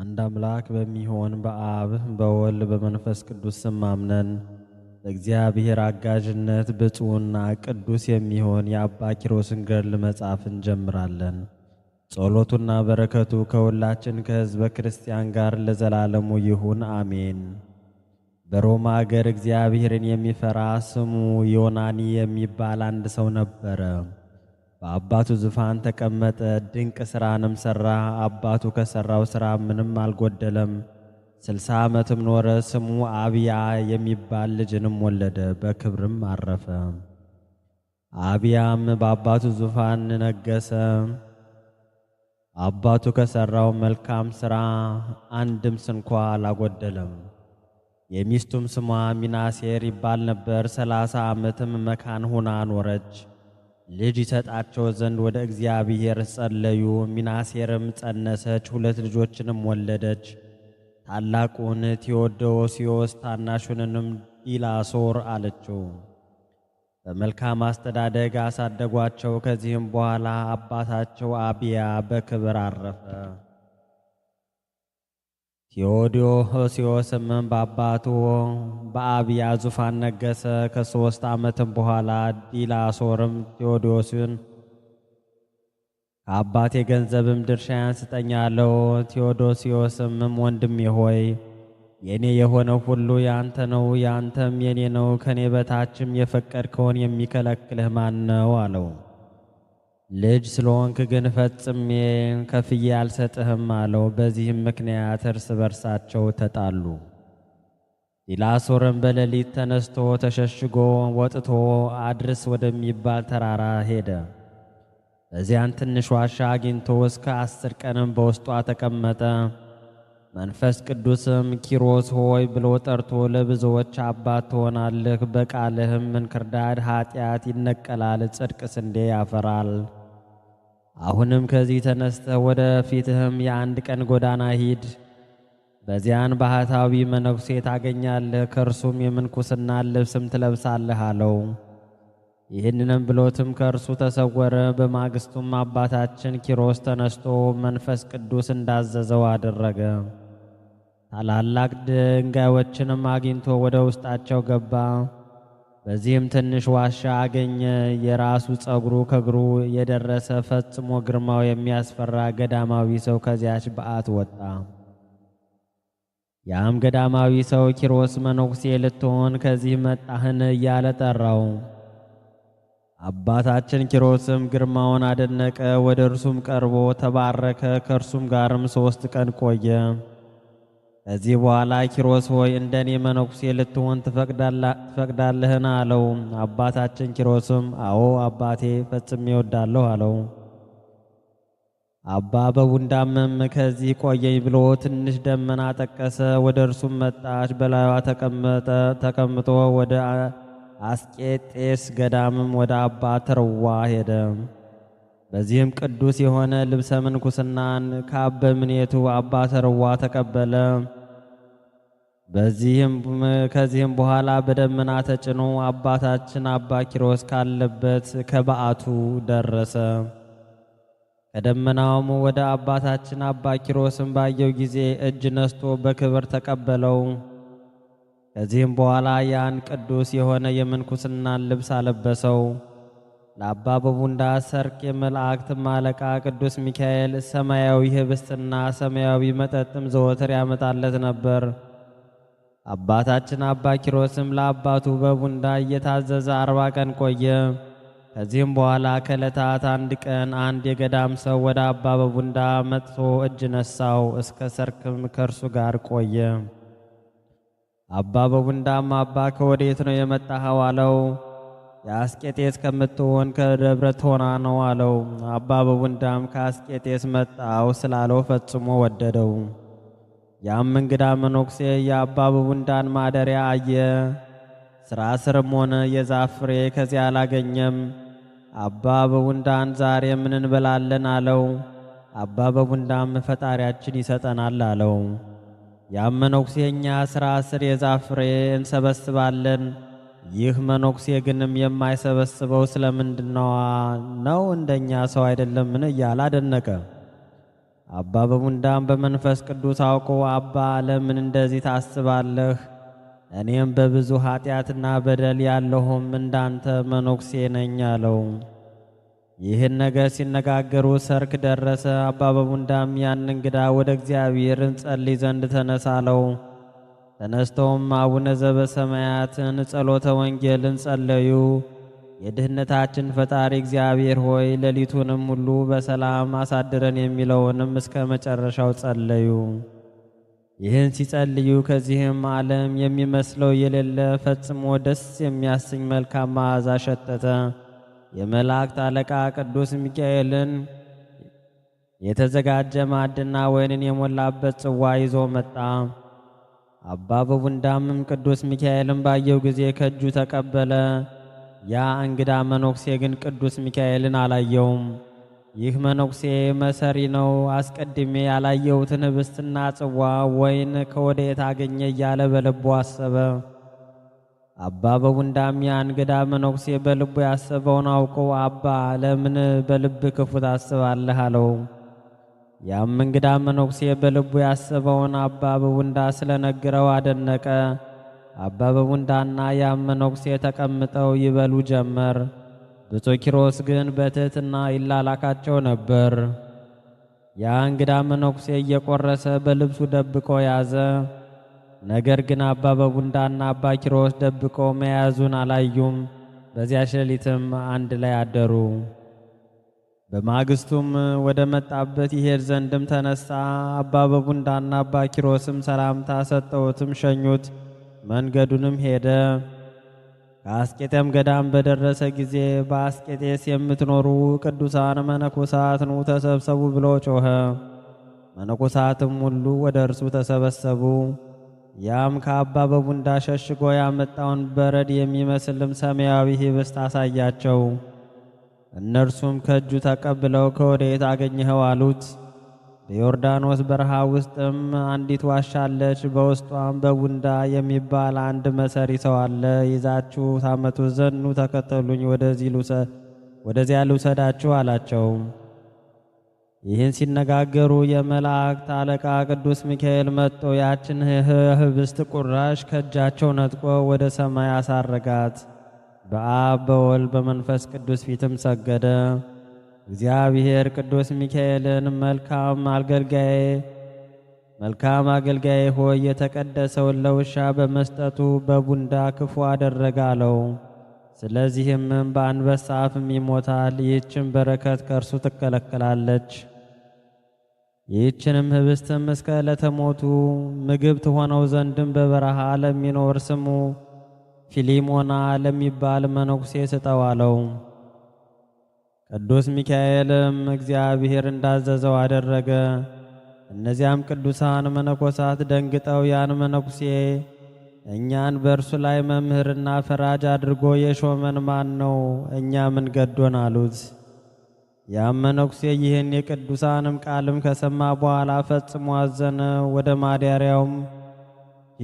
አንድ አምላክ በሚሆን በአብ በወልድ በመንፈስ ቅዱስ ስም አምነን በእግዚአብሔር አጋዥነት ብፁዕና ቅዱስ የሚሆን የአባ ኪሮስን ገድል መጽሐፍ እንጀምራለን። ጸሎቱና በረከቱ ከሁላችን ከሕዝበ ክርስቲያን ጋር ለዘላለሙ ይሁን አሜን። በሮማ አገር እግዚአብሔርን የሚፈራ ስሙ ዮናኒ የሚባል አንድ ሰው ነበረ። በአባቱ ዙፋን ተቀመጠ፣ ድንቅ ሥራንም ሠራ። አባቱ ከሠራው ሥራ ምንም አልጎደለም። ስልሳ ዓመትም ኖረ። ስሙ አብያ የሚባል ልጅንም ወለደ፣ በክብርም አረፈ። አብያም በአባቱ ዙፋን ነገሰ አባቱ ከሠራው መልካም ሥራ አንድም ስንኳ አላጎደለም። የሚስቱም ስሟ ሚናሴር ይባል ነበር። ሰላሳ ዓመትም መካን ሆና ኖረች። ልጅ ይሰጣቸው ዘንድ ወደ እግዚአብሔር ጸለዩ። ሚናሴርም ጸነሰች፣ ሁለት ልጆችንም ወለደች። ታላቁን ቴዎዶሲዮስ ታናሹንም ኢላሶር አለችው። በመልካም አስተዳደግ አሳደጓቸው። ከዚህም በኋላ አባታቸው አብያ በክብር አረፈ። ቴዎዶስዮስም በአባቱ በአብያ ዙፋን ነገሰ። ከሶስት ዓመትም በኋላ ዲላሶርም ቴዎዶስን ከአባቴ ገንዘብም ድርሻ ስጠኝ አለው። ቴዎዶስዮስም ወንድሜ ሆይ የእኔ የሆነ ሁሉ ያንተ ነው፣ ያንተም የእኔ ነው። ከእኔ በታችም የፈቀድከውን የሚከለክልህ ማን ነው? አለው። ልጅ ስለሆንክ ግን ፈጽሜ ከፍዬ አልሰጥህም አለው። በዚህም ምክንያት እርስ በርሳቸው ተጣሉ። ዲላሶርም በሌሊት ተነስቶ ተሸሽጎ ወጥቶ አድርስ ወደሚባል ተራራ ሄደ። በዚያን ትንሽ ዋሻ አግኝቶ እስከ አስር ቀንም በውስጧ ተቀመጠ። መንፈስ ቅዱስም ኪሮስ ሆይ ብሎ ጠርቶ ለብዙዎች አባት ትሆናለህ፣ በቃልህም እንክርዳድ ኃጢአት ይነቀላል፣ ጽድቅ ስንዴ ያፈራል አሁንም ከዚህ ተነስተ ወደ ፊትህም የአንድ ቀን ጎዳና ሂድ። በዚያን ባህታዊ መነኩሴ ታገኛለህ፣ ከእርሱም የምንኩስና ልብስም ትለብሳለህ አለው። ይህንንም ብሎትም ከእርሱ ተሰወረ። በማግስቱም አባታችን ኪሮስ ተነስቶ መንፈስ ቅዱስ እንዳዘዘው አደረገ። ታላላቅ ድንጋዮችንም አግኝቶ ወደ ውስጣቸው ገባ። በዚህም ትንሽ ዋሻ አገኘ። የራሱ ጸጉሩ ከእግሩ የደረሰ ፈጽሞ ግርማው የሚያስፈራ ገዳማዊ ሰው ከዚያች በዓት ወጣ። ያም ገዳማዊ ሰው ኪሮስ መነኩሴ ልትሆን ከዚህ መጣህን እያለ ጠራው። አባታችን ኪሮስም ግርማውን አደነቀ። ወደ እርሱም ቀርቦ ተባረከ። ከእርሱም ጋርም ሦስት ቀን ቆየ። ከዚህ በኋላ ኪሮስ ሆይ እንደ እኔ መነኩሴ ልትሆን ትፈቅዳለህን? አለው። አባታችን ኪሮስም አዎ አባቴ ፈጽሜ እወዳለሁ አለው። አባ በጉንዳምም ከዚህ ቆየኝ ብሎ ትንሽ ደመና ጠቀሰ። ወደ እርሱም መጣች፣ በላዩዋ ተቀምጦ ወደ አስቄጤስ ገዳምም ወደ አባ ተርዋ ሄደ። በዚህም ቅዱስ የሆነ ልብሰ ምንኩስናን ከአበ ምኔቱ አባ ተርዋ ተቀበለ። በዚህም ከዚህም በኋላ በደመና ተጭኖ አባታችን አባ ኪሮስ ካለበት ከበዓቱ ደረሰ። ከደመናውም ወደ አባታችን አባ ኪሮስን ባየው ጊዜ እጅ ነስቶ በክብር ተቀበለው። ከዚህም በኋላ ያን ቅዱስ የሆነ የምንኩስናን ልብስ አለበሰው። ለአባ በቡንዳ ሰርቅ የመላእክት አለቃ ቅዱስ ሚካኤል ሰማያዊ ህብስትና ሰማያዊ መጠጥም ዘወትር ያመጣለት ነበር። አባታችን አባ ኪሮስም ለአባቱ በቡንዳ እየታዘዘ አርባ ቀን ቆየ። ከዚህም በኋላ ከዕለታት አንድ ቀን አንድ የገዳም ሰው ወደ አባ በቡንዳ መጥቶ እጅ ነሳው። እስከ ሰርክም ከእርሱ ጋር ቆየ። አባ በቡንዳም አባ ከወዴት ነው የመጣኸው? አለው። የአስቄጤስ ከምትሆን ከደብረ ቶና ነው አለው። አባ በቡንዳም ከአስቄጤስ መጣው ስላለው ፈጽሞ ወደደው። ያም እንግዳ መነኩሴ የአባ በቡንዳን ማደሪያ አየ። ስራ ስርም ሆነ የዛፍ ፍሬ ከዚያ አላገኘም። አባ በቡንዳን ዛሬ ምን እንበላለን አለው። አባ በቡንዳም ፈጣሪያችን ይሰጠናል አለው። ያም መነኩሴ እኛ ስራ ስር የዛፍ ፍሬ እንሰበስባለን ይህ መነኩሴ ግንም የማይሰበስበው ስለምንድነው ነው እንደኛ ሰው አይደለምን? እያለ አደነቀ። አባ በቡንዳም በመንፈስ ቅዱስ አውቆ አባ ለምን እንደዚህ ታስባለህ? እኔም በብዙ ኃጢአትና በደል ያለሁም እንዳንተ መነኩሴ ነኝ አለው። ይህን ነገር ሲነጋገሩ ሰርክ ደረሰ። አባ በቡንዳም ያን እንግዳ ወደ እግዚአብሔር እንጸልይ ዘንድ ተነሳለው። ተነስተውም አቡነ ዘበሰማያትን ጸሎተ ወንጌልን ጸለዩ። የድህነታችን ፈጣሪ እግዚአብሔር ሆይ ሌሊቱንም ሁሉ በሰላም አሳድረን የሚለውንም እስከ መጨረሻው ጸለዩ። ይህን ሲጸልዩ ከዚህም ዓለም የሚመስለው የሌለ ፈጽሞ ደስ የሚያሰኝ መልካም መዓዛ ሸተተ። የመላእክት አለቃ ቅዱስ ሚካኤልን የተዘጋጀ ማዕድና ወይንን የሞላበት ጽዋ ይዞ መጣ። አባ በቡንዳምም ቅዱስ ሚካኤልን ባየው ጊዜ ከእጁ ተቀበለ። ያ እንግዳ መነኩሴ ግን ቅዱስ ሚካኤልን አላየውም። ይህ መነኩሴ መሰሪ ነው። አስቀድሜ ያላየሁትን ህብስትና ጽዋ ወይን ከወዴት አገኘ እያለ በልቡ አሰበ። አባ በቡንዳም ያ እንግዳ መነኩሴ በልቡ ያሰበውን አውቆ አባ ለምን በልብ ክፉ ታስባለህ? አለው። ያም እንግዳ መነኩሴ በልቡ ያሰበውን አባ በቡንዳ ስለነግረው አደነቀ። አባ በውንዳና ያም መነኩሴ ተቀምጠው ይበሉ ጀመር። ብፁዕ ኪሮስ ግን በትሕትና ይላላካቸው ነበር። ያ እንግዳ መነኩሴ እየቆረሰ በልብሱ ደብቆ ያዘ። ነገር ግን አባ በቡንዳና አባ ኪሮስ ደብቆ መያዙን አላዩም። በዚያ ሌሊትም አንድ ላይ አደሩ። በማግስቱም ወደ መጣበት ይሄድ ዘንድም ተነሳ። አባ በቡንዳና አባ ኪሮስም ሰላምታ ሰጠውትም ሸኙት። መንገዱንም ሄደ። ከአስቄጤም ገዳም በደረሰ ጊዜ በአስቄጤስ የምትኖሩ ቅዱሳን መነኮሳት ኑ ተሰብሰቡ ብሎ ጮኸ። መነኮሳትም ሁሉ ወደ እርሱ ተሰበሰቡ። ያም ከአባ በቡንዳ ሸሽጎ ያመጣውን በረድ የሚመስልም ሰማያዊ ኅብስት አሳያቸው። እነርሱም ከእጁ ተቀብለው ከወዴት አገኘኸው አሉት። በዮርዳኖስ በረሃ ውስጥም አንዲት ዋሻ አለች። በውስጧም በቡንዳ የሚባል አንድ መሰሪ ሰው አለ። ይዛችሁ ታመቱ ዘኑ ተከተሉኝ፣ ወደዚያ ልውሰዳችሁ አላቸው። ይህን ሲነጋገሩ የመላእክት አለቃ ቅዱስ ሚካኤል መጥቶ ያችን ህብስት ቁራሽ ከእጃቸው ነጥቆ ወደ ሰማይ አሳረጋት። በአብ በወልድ በመንፈስ ቅዱስ ፊትም ሰገደ። እግዚአብሔር ቅዱስ ሚካኤልን መልካም አገልጋይ መልካም አገልጋይ ሆይ የተቀደሰውን ለውሻ በመስጠቱ በቡንዳ ክፉ አደረገ አለው። ስለዚህም በአንበሳ አፍም ይሞታል። ይህችን በረከት ከእርሱ ትከለከላለች። ይህችንም ህብስትም እስከ ዕለተ ሞቱ ምግብ ትሆነው ዘንድም በበረሃ ለሚኖር ስሙ ፊሊሞና ለሚባል መነኩሴ ስጠው አለው። ቅዱስ ሚካኤልም እግዚአብሔር እንዳዘዘው አደረገ። እነዚያም ቅዱሳን መነኮሳት ደንግጠው ያን መነኩሴ እኛን በእርሱ ላይ መምህርና ፈራጅ አድርጎ የሾመን ማን ነው? እኛ ምን ገዶን አሉት። ያም መነኩሴ ይህን የቅዱሳንም ቃልም ከሰማ በኋላ ፈጽሞ አዘነ። ወደ ማደሪያውም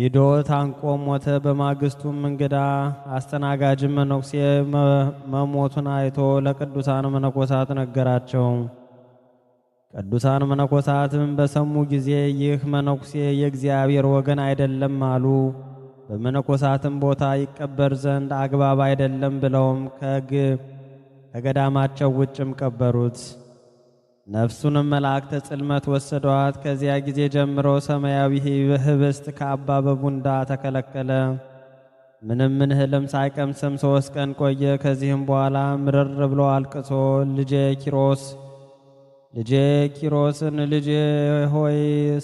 ሂዶ ታንቆ ሞተ። በማግስቱም እንግዳ አስተናጋጅም መነኩሴ መሞቱን አይቶ ለቅዱሳን መነኮሳት ነገራቸው። ቅዱሳን መነኮሳትም በሰሙ ጊዜ ይህ መነኩሴ የእግዚአብሔር ወገን አይደለም አሉ። በመነኮሳትም ቦታ ይቀበር ዘንድ አግባብ አይደለም ብለውም ከግ ከገዳማቸው ውጭም ቀበሩት። ነፍሱንም መላእክተ ጽልመት ወሰዷት። ከዚያ ጊዜ ጀምሮ ሰማያዊ ህብስት ከአባ በቡንዳ ተከለከለ። ምንም ምን እህልም ሳይቀምስም ሶስት ቀን ቆየ። ከዚህም በኋላ ምርር ብሎ አልቅሶ ልጄ ኪሮስ ልጄ ኪሮስን ልጄ ሆይ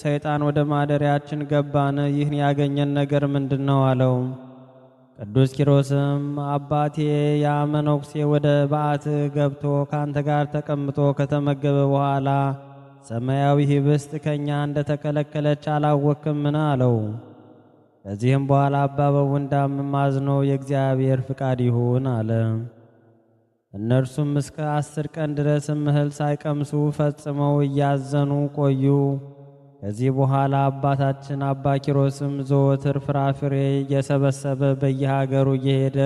ሰይጣን ወደ ማደሪያችን ገባን፣ ይህን ያገኘን ነገር ምንድን ነው? አለው። ቅዱስ ኪሮስም አባቴ ያ መነኩሴ ወደ በዓት ገብቶ ካንተ ጋር ተቀምጦ ከተመገበ በኋላ ሰማያዊ ህብስት ከእኛ እንደ ተከለከለች አላወቅምን? አለው። ከዚህም በኋላ አባ በውንዳም ማዝኖ የእግዚአብሔር ፍቃድ ይሁን አለ። እነርሱም እስከ አስር ቀን ድረስ እህል ሳይቀምሱ ፈጽመው እያዘኑ ቆዩ። ከዚህ በኋላ አባታችን አባ ኪሮስም ዘወትር ፍራፍሬ እየሰበሰበ በየሀገሩ እየሄደ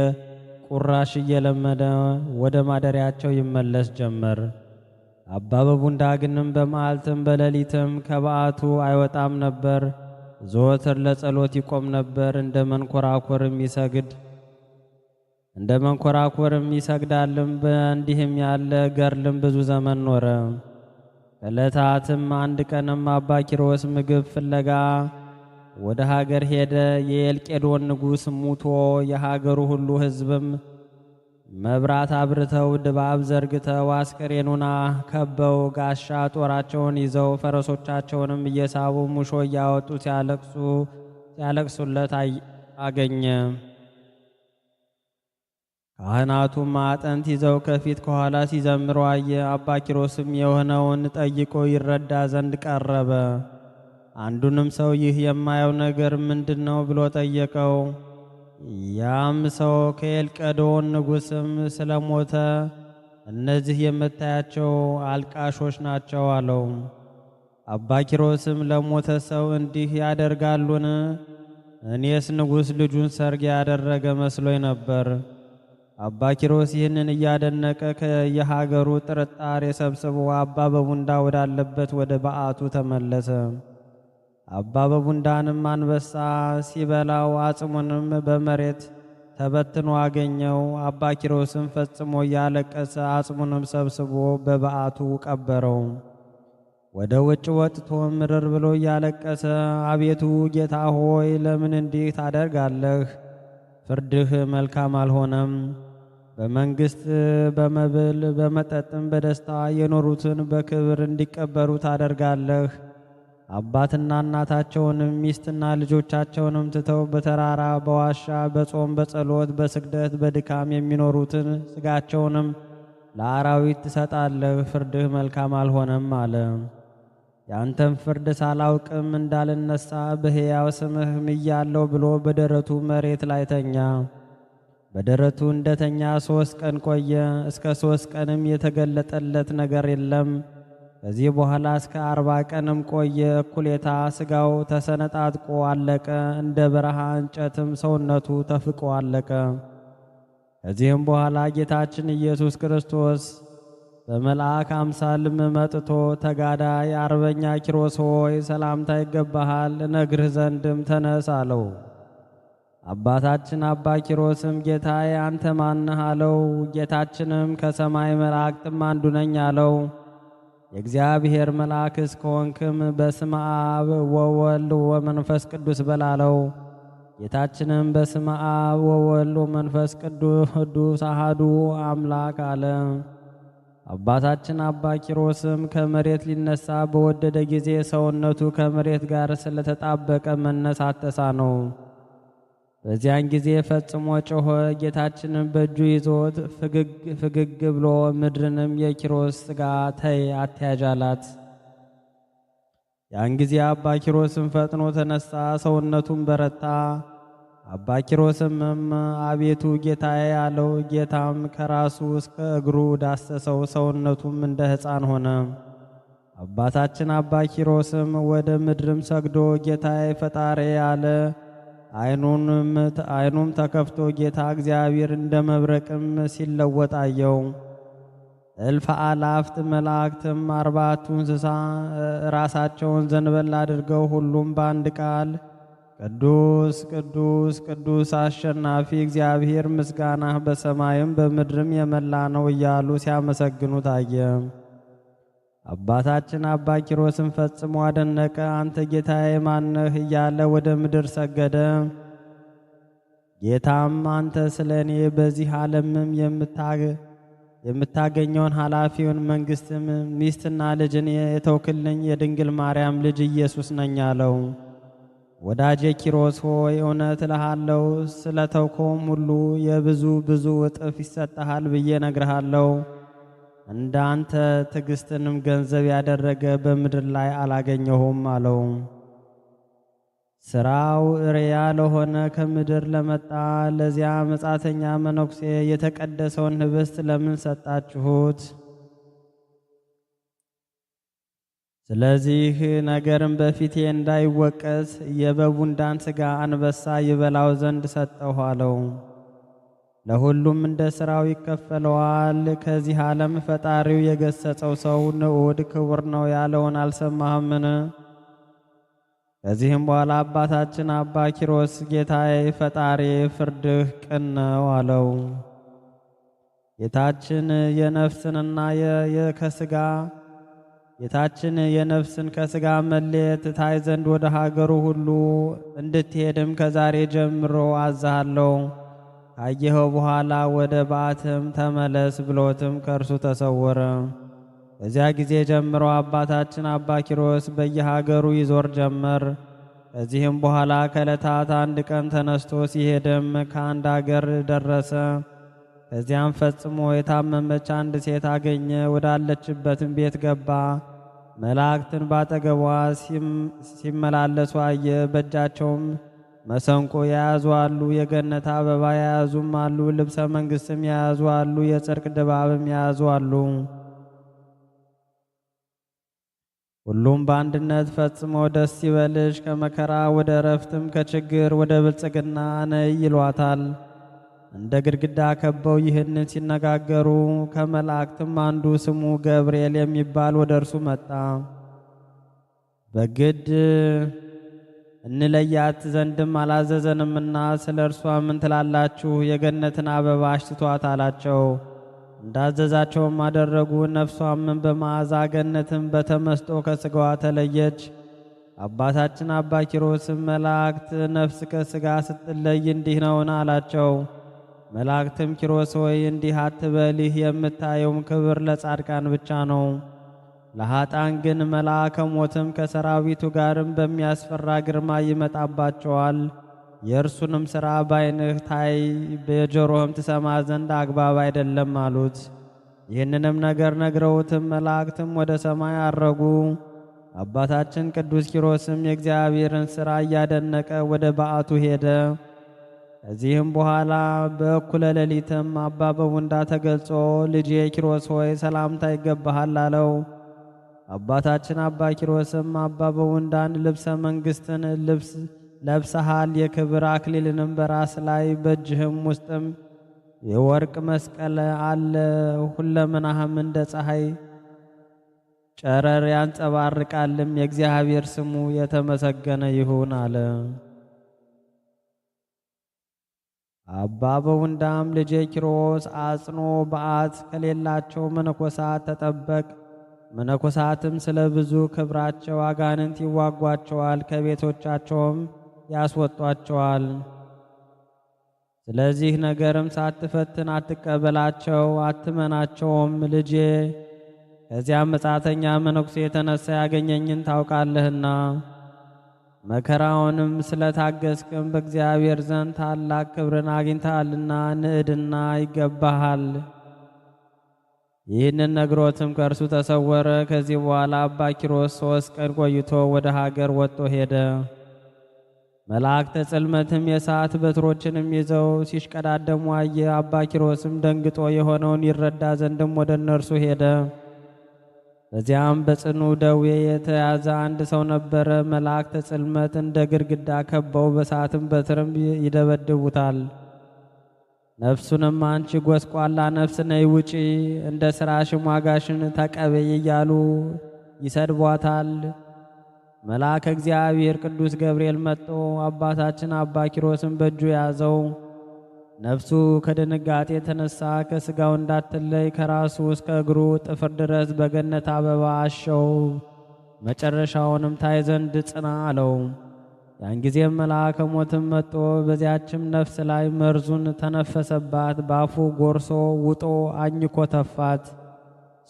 ቁራሽ እየለመደ ወደ ማደሪያቸው ይመለስ ጀመር። አባ በቡንዳግንም በመዓልትም በሌሊትም ከበዓቱ አይወጣም ነበር። ዘወትር ለጸሎት ይቆም ነበር። እንደ መንኮራኮርም ይሰግድ እንደ መንኮራኮርም ይሰግዳልም። በእንዲህም ያለ ገርልም ብዙ ዘመን ኖረ። ዕለታትም አንድ ቀንም አባ ኪሮስ ምግብ ፍለጋ ወደ ሀገር ሄደ። የኤልቄዶን ንጉሥ ሙቶ የሀገሩ ሁሉ ሕዝብም መብራት አብርተው ድባብ ዘርግተው አስከሬኑና ከበው ጋሻ ጦራቸውን ይዘው ፈረሶቻቸውንም እየሳቡ ሙሾ እያወጡ ሲያለቅሱ ሲያለቅሱለት አገኘ። ካህናቱም አጠንት ይዘው ከፊት ከኋላ ሲዘምሩ አየ። አባ ኪሮስም የሆነውን ጠይቆ ይረዳ ዘንድ ቀረበ። አንዱንም ሰው ይህ የማየው ነገር ምንድን ነው ብሎ ጠየቀው። ያም ሰው ከኤልቀዶን ንጉሥም ስለሞተ እነዚህ የምታያቸው አልቃሾች ናቸው አለው። አባ ኪሮስም ለሞተ ሰው እንዲህ ያደርጋሉን? እኔስ ንጉሥ ልጁን ሰርግ ያደረገ መስሎኝ ነበር። አባ ኪሮስ ይህንን እያደነቀ ከየሀገሩ ጥርጣሬ ሰብስቦ አባ በቡንዳ ወዳለበት ወደ በዓቱ ተመለሰ። አባ በቡንዳንም አንበሳ ሲበላው አጽሙንም በመሬት ተበትኖ አገኘው። አባ ኪሮስም ፈጽሞ እያለቀሰ አጽሙንም ሰብስቦ በበዓቱ ቀበረው። ወደ ውጭ ወጥቶ ምርር ብሎ እያለቀሰ አቤቱ ጌታ ሆይ ለምን እንዲህ ታደርጋለህ? ፍርድህ መልካም አልሆነም። በመንግስት በመብል በመጠጥም በደስታ የኖሩትን በክብር እንዲቀበሩ ታደርጋለህ። አባትና እናታቸውንም ሚስትና ልጆቻቸውንም ትተው በተራራ በዋሻ በጾም በጸሎት በስግደት በድካም የሚኖሩትን ስጋቸውንም ለአራዊት ትሰጣለህ። ፍርድህ መልካም አልሆነም አለ። ያንተም ፍርድ ሳላውቅም እንዳልነሳ በሕያው ስምህ እያለው ብሎ በደረቱ መሬት ላይ ተኛ። በደረቱ እንደተኛ ሶስት ቀን ቆየ። እስከ ሶስት ቀንም የተገለጠለት ነገር የለም። ከዚህ በኋላ እስከ አርባ ቀንም ቆየ። እኩሌታ ሥጋው ተሰነጣጥቆ አለቀ። እንደ በረሃ እንጨትም ሰውነቱ ተፍቆ አለቀ። ከዚህም በኋላ ጌታችን ኢየሱስ ክርስቶስ በመልአክ አምሳልም መጥቶ ተጋዳይ አርበኛ ኪሮስ ሆይ ሰላምታ ይገባሃል፣ እነግርህ ዘንድም ተነስ አለው። አባታችን አባ ኪሮስም ጌታዬ አንተ ማንህ አለው። ጌታችንም ከሰማይ መላእክትም አንዱ ነኝ አለው። የእግዚአብሔር መልአክ እስከሆንክም በስመ አብ ወወልድ ወመንፈስ ቅዱስ በላለው። ጌታችንም በስመ አብ ወወልድ ወመንፈስ ቅዱስ አህዱ አምላክ አለ። አባታችን አባ ኪሮስም ከመሬት ሊነሳ በወደደ ጊዜ ሰውነቱ ከመሬት ጋር ስለተጣበቀ መነሳት ተሳነው። በዚያን ጊዜ ፈጽሞ ጮኸ፣ ጌታችንም በእጁ ይዞት ፍግግ ብሎ ምድርንም የኪሮስ ሥጋ ተይ አትያዥ ያን ጊዜ አባ ኪሮስም ፈጥኖ ተነሳ፣ ሰውነቱም በረታ። አባ ኪሮስምም አቤቱ ጌታዬ አለው። ጌታም ከራሱ እስከ እግሩ ዳሰሰው፣ ሰውነቱም እንደ ሕፃን ሆነ። አባታችን አባ ኪሮስም ወደ ምድርም ሰግዶ ጌታዬ ፈጣሬ አለ። ዓይኑም ተከፍቶ ጌታ እግዚአብሔር እንደ መብረቅም ሲለወጥ አየው። እልፍ አላፍት መላእክትም አርባቱ እንስሳ ራሳቸውን ዘንበል አድርገው ሁሉም በአንድ ቃል ቅዱስ ቅዱስ ቅዱስ አሸናፊ እግዚአብሔር ምስጋናህ በሰማይም በምድርም የመላ ነው እያሉ ሲያመሰግኑት አየም። አባታችን አባ ኪሮስም ፈጽሞ አደነቀ። አንተ ጌታዬ ማነህ እያለ ወደ ምድር ሰገደ። ጌታም አንተ ስለ እኔ በዚህ ዓለምም የምታገኘውን ኃላፊውን መንግሥትም ሚስትና ልጅን የተውክልኝ የድንግል ማርያም ልጅ ኢየሱስ ነኝ አለው። ወዳጄ ኪሮስ ሆይ እውነት እልሃለሁ ስለ ተውኮም ሁሉ የብዙ ብዙ እጥፍ ይሰጠሃል ብዬ ነግርሃለሁ። እንዳንተ አንተ ትዕግሥትንም ገንዘብ ያደረገ በምድር ላይ አላገኘሁም አለው። ሥራው እርያ ለሆነ ከምድር ለመጣ ለዚያ መጻተኛ መነኩሴ የተቀደሰውን ኅብስት ለምን ሰጣችሁት? ስለዚህ ነገርም በፊቴ እንዳይወቀስ የበቡንዳን ሥጋ አንበሳ ይበላው ዘንድ ሰጠኋለው። ለሁሉም እንደ ስራው ይከፈለዋል። ከዚህ ዓለም ፈጣሪው የገሰጸው ሰው ንዑድ ክቡር ነው ያለውን አልሰማህምን? ከዚህም በኋላ አባታችን አባ ኪሮስ ጌታዬ፣ ፈጣሪ ፍርድህ ቅን ነው አለው። ጌታችን የነፍስንና ከስጋ ጌታችን የነፍስን ከስጋ መለየት ታይ ዘንድ ወደ ሀገሩ ሁሉ እንድትሄድም ከዛሬ ጀምሮ አዛሃለሁ። አየኸው በኋላ ወደ በዓትም ተመለስ ብሎትም ከእርሱ ተሰወረ። በዚያ ጊዜ ጀምሮ አባታችን አባ ኪሮስ በየሀገሩ ይዞር ጀመር። ከዚህም በኋላ ከዕለታት አንድ ቀን ተነስቶ ሲሄድም ከአንድ አገር ደረሰ። ከዚያም ፈጽሞ የታመመች አንድ ሴት አገኘ። ወዳለችበትም ቤት ገባ። መላእክትን ባጠገቧ ሲመላለሱ አየ። በእጃቸውም መሰንቆ የያዙ አሉ፣ የገነት አበባ የያዙም አሉ፣ ልብሰ መንግስትም የያዙ አሉ፣ የጽርቅ ድባብም የያዙ አሉ። ሁሉም በአንድነት ፈጽሞ ደስ ይበልሽ፣ ከመከራ ወደ እረፍትም ከችግር ወደ ብልጽግና ነይ ይሏታል። እንደ ግድግዳ ከበው ይህንን ሲነጋገሩ ከመላእክትም አንዱ ስሙ ገብርኤል የሚባል ወደ እርሱ መጣ በግድ እንለያት ዘንድም አላዘዘንምና ስለ እርሷ ምን ትላላችሁ? የገነትን አበባ አሽትቷት አላቸው። እንዳዘዛቸውም አደረጉ። ነፍሷም በመዓዛ ገነትን በተመስጦ ከስጋዋ ተለየች። አባታችን አባ ኪሮስም መላእክት ነፍስ ከስጋ ስትለይ እንዲህ ነውን? አላቸው። መላእክትም ኪሮስ ሆይ እንዲህ አትበል፣ ይህ የምታየውም ክብር ለጻድቃን ብቻ ነው ለኃጥአን ግን መልአከ ሞትም ከሰራዊቱ ጋርም በሚያስፈራ ግርማ ይመጣባቸዋል። የእርሱንም ሥራ ባይንህ ታይ በጆሮህም ትሰማ ዘንድ አግባብ አይደለም አሉት። ይህንንም ነገር ነግረውትም መላእክትም ወደ ሰማይ አረጉ። አባታችን ቅዱስ ኪሮስም የእግዚአብሔርን ሥራ እያደነቀ ወደ በዓቱ ሄደ። ከዚህም በኋላ በእኩለ ሌሊትም አባ በቡንዳ ተገልጾ ልጄ ኪሮስ ሆይ ሰላምታ ይገባሃል አለው። አባታችን አባ ኪሮስም አባ በውንዳን ልብሰ መንግስትን ልብስ ለብሰሃል፣ የክብር አክሊልንም በራስ ላይ በእጅህም ውስጥም የወርቅ መስቀል አለ። ሁለመናህም እንደ ፀሐይ ጨረር ያንጸባርቃልም። የእግዚአብሔር ስሙ የተመሰገነ ይሁን አለ። አባ በውንዳም ልጄ ኪሮስ አጽኖ በዓት ከሌላቸው መነኮሳት ተጠበቅ መነኮሳትም ስለ ብዙ ክብራቸው አጋንንት ይዋጓቸዋል፣ ከቤቶቻቸውም ያስወጧቸዋል። ስለዚህ ነገርም ሳትፈትን አትቀበላቸው፣ አትመናቸውም። ልጄ ከዚያም መጻተኛ መነኩሴ የተነሳ ያገኘኝን ታውቃለህና መከራውንም ስለታገስክም በእግዚአብሔር ዘንድ ታላቅ ክብርን አግኝተሃልና ንዕድና ይገባሃል። ይህንን ነግሮትም ከእርሱ ተሰወረ። ከዚህ በኋላ አባ ኪሮስ ሶስት ቀን ቆይቶ ወደ ሀገር ወጥቶ ሄደ። መላእክተ ጽልመትም የሰዓት በትሮችንም ይዘው ሲሽቀዳደሙ አየ። አባ ኪሮስም ደንግጦ የሆነውን ይረዳ ዘንድም ወደ እነርሱ ሄደ። በዚያም በጽኑ ደዌ የተያዘ አንድ ሰው ነበረ። መላእክተ ጽልመት እንደ ግድግዳ ከበው በሰዓትም በትርም ይደበድቡታል። ነፍሱንም አንቺ ጎስቋላ ነፍስ ነይ ውጪ፣ እንደ ሥራሽም ዋጋሽን ተቀበይ እያሉ ይሰድቧታል። መልአከ እግዚአብሔር ቅዱስ ገብርኤል መጥቶ አባታችን አባ ኪሮስን በእጁ ያዘው። ነፍሱ ከድንጋጤ የተነሳ ከሥጋው እንዳትለይ ከራሱ እስከ እግሩ ጥፍር ድረስ በገነት አበባ አሸው። መጨረሻውንም ታይ ዘንድ ጽና አለው። ያን ጊዜም መልአከ ሞትም መጦ በዚያችም ነፍስ ላይ መርዙን ተነፈሰባት፣ ባፉ ጎርሶ ውጦ አኝኮ ተፋት።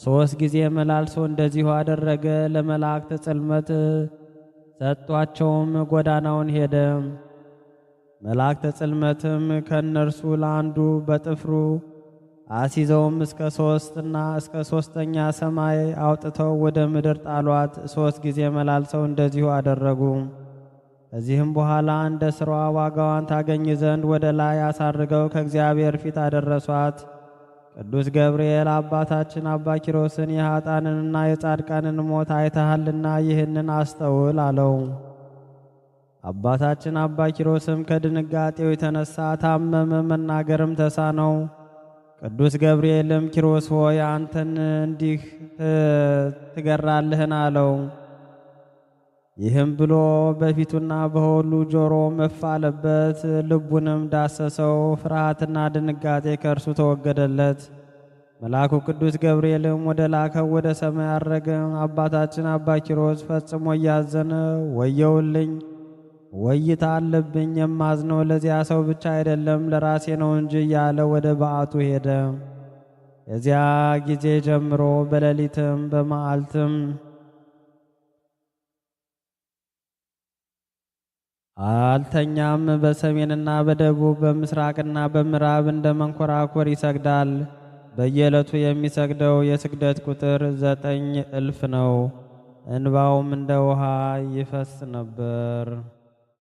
ሦስት ጊዜ መላልሶ እንደዚሁ አደረገ። ለመላእክት ጽልመት ሰጥቷቸውም ጎዳናውን ሄደ። መላእክተ ጽልመትም ከእነርሱ ለአንዱ በጥፍሩ አሲዘውም እስከ ሶስትና እስከ ሶስተኛ ሰማይ አውጥተው ወደ ምድር ጣሏት። ሶስት ጊዜ መላልሰው እንደዚሁ አደረጉ። ከዚህም በኋላ እንደ ሥራዋ ዋጋዋን ታገኝ ዘንድ ወደ ላይ አሳርገው ከእግዚአብሔር ፊት አደረሷት። ቅዱስ ገብርኤል አባታችን አባ ኪሮስን የኃጣንንና የጻድቃንን ሞት አይተሃልና ይህንን አስተውል አለው። አባታችን አባ ኪሮስም ከድንጋጤው የተነሳ ታመመ፣ መናገርም ተሳነው። ቅዱስ ገብርኤልም ኪሮስ ሆይ አንተን እንዲህ ትገራልህን? አለው። ይህም ብሎ በፊቱና በሁሉ ጆሮ መፋለበት፣ ልቡንም ዳሰሰው፣ ፍርሃትና ድንጋጤ ከእርሱ ተወገደለት። መልአኩ ቅዱስ ገብርኤልም ወደ ላከው ወደ ሰማይ አረገ። አባታችን አባ ኪሮስ ፈጽሞ እያዘነ ወየውልኝ፣ ወይታ አለብኝ፣ የማዝነው ለዚያ ሰው ብቻ አይደለም ለራሴ ነው እንጂ እያለ ወደ በዓቱ ሄደ። የዚያ ጊዜ ጀምሮ በሌሊትም በመዓልትም አልተኛም። በሰሜንና በደቡብ በምስራቅና በምዕራብ እንደ መንኮራኩር ይሰግዳል። በየዕለቱ የሚሰግደው የስግደት ቁጥር ዘጠኝ እልፍ ነው። እንባውም እንደ ውሃ ይፈስ ነበር።